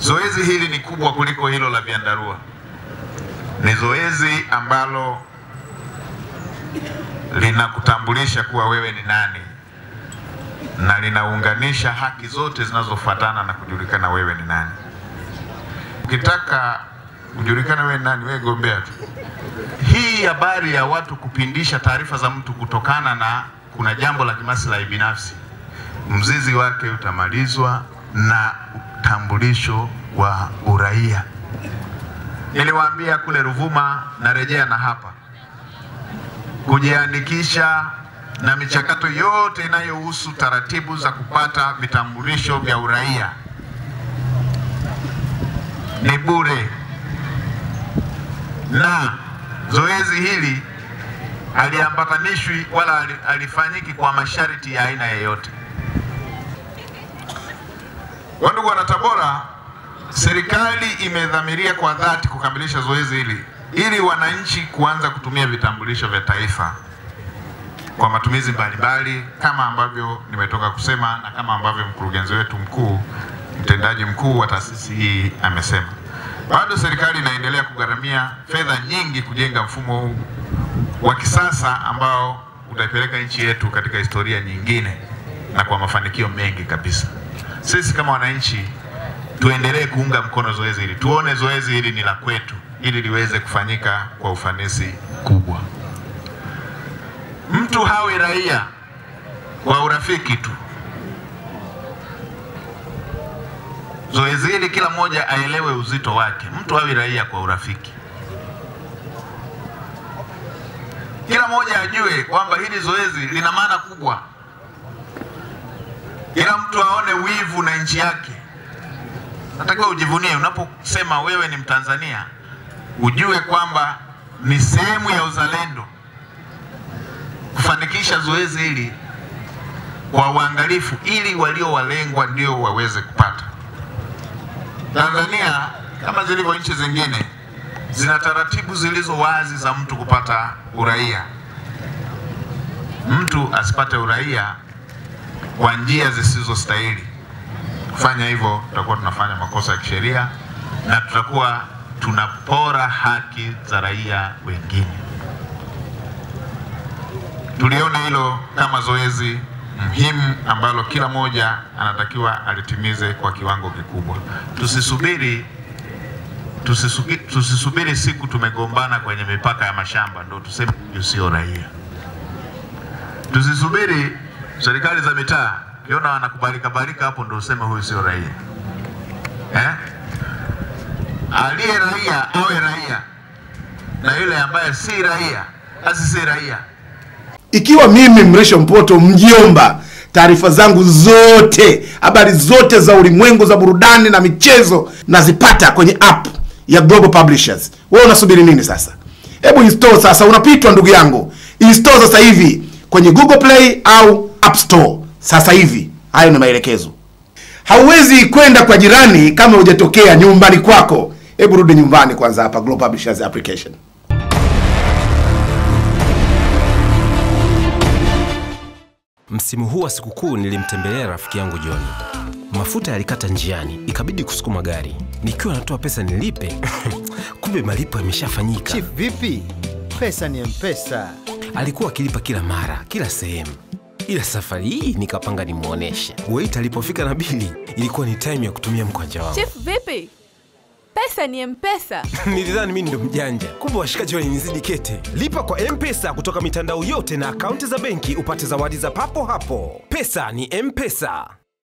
Zoezi hili ni kubwa kuliko hilo la vyandarua. Ni zoezi ambalo linakutambulisha kuwa wewe ni nani na linaunganisha haki zote zinazofuatana na kujulikana wewe ni nani. Ukitaka kujulikana wewe ni nani, wewe gombea tu. Hii habari ya watu kupindisha taarifa za mtu kutokana na kuna jambo la kimaslahi binafsi, mzizi wake utamalizwa na utambulisho wa uraia. Niliwaambia kule Ruvuma, narejea na hapa, kujiandikisha na michakato yote inayohusu taratibu za kupata vitambulisho vya uraia ni bure, na zoezi hili haliambatanishwi wala alifanyiki kwa masharti ya aina yeyote. Wandugu tabora serikali imedhamiria kwa dhati kukamilisha zoezi hili ili wananchi kuanza kutumia vitambulisho vya taifa kwa matumizi mbalimbali kama ambavyo nimetoka kusema na kama ambavyo mkurugenzi wetu mkuu mtendaji mkuu wa taasisi hii amesema. Bado serikali inaendelea kugharamia fedha nyingi kujenga mfumo huu wa kisasa ambao utaipeleka nchi yetu katika historia nyingine na kwa mafanikio mengi kabisa sisi kama wananchi tuendelee kuunga mkono zoezi hili, tuone zoezi hili ni la kwetu, ili liweze kufanyika kwa ufanisi kubwa. Mtu hawe raia kwa urafiki tu. Zoezi hili kila mmoja aelewe uzito wake. Mtu awe raia kwa urafiki, kila mmoja ajue kwamba hili zoezi lina maana kubwa. Kila mtu aone wivu na nchi yake. Natakiwa ujivunie unaposema wewe ni Mtanzania, ujue kwamba ni sehemu ya uzalendo kufanikisha zoezi hili kwa uangalifu, ili walio walengwa ndio waweze kupata. Tanzania kama zilivyo nchi zingine zina taratibu zilizo wazi za mtu kupata uraia. Mtu asipate uraia kwa njia zisizostahili. Kufanya hivyo, tutakuwa tunafanya makosa ya kisheria na tutakuwa tunapora haki za raia wengine. Tuliona hilo kama zoezi muhimu ambalo kila mmoja anatakiwa alitimize kwa kiwango kikubwa. Tusisubiri tusisubiri, tusisubiri siku tumegombana kwenye mipaka ya mashamba ndo tuseme sio raia. Tusisubiri serikali za mitaa kiona wanakubalika balika hapo, ndio useme huyu sio raia eh? Aliye raia awe raia na yule ambaye si raia asi si raia. Ikiwa mimi Mrisho Mpoto mjiomba, taarifa zangu zote, habari zote za ulimwengu, za burudani na michezo nazipata kwenye app ya Global Publishers. Wewe unasubiri nini sasa? Hebu install sasa, unapitwa ndugu yangu, install sasa hivi kwenye Google Play au App Store sasa hivi. Hayo ni maelekezo. Hauwezi kwenda kwa jirani kama hujatokea nyumbani kwako. Hebu rudi nyumbani kwanza, hapa Global Publishers application. Msimu huu wa sikukuu nilimtembelea rafiki yangu John. Mafuta yalikata njiani, ikabidi kusukuma gari. Nikiwa natoa pesa nilipe, kumbe malipo yameshafanyika. Chief, vipi? Pesa ni M-Pesa. Alikuwa akilipa kila mara, kila sehemu, ila safari hii nikapanga nimwoneshe. weit alipofika na bili, ilikuwa ni taimu ya kutumia mkwanja wangu. Chef, vipi? pesa ni mpesa nilidhani mimi ndo mjanja kumbe washikaji walinizidi kete lipa kwa mpesa kutoka mitandao yote na akaunti za benki upate zawadi za papo hapo pesa ni mpesa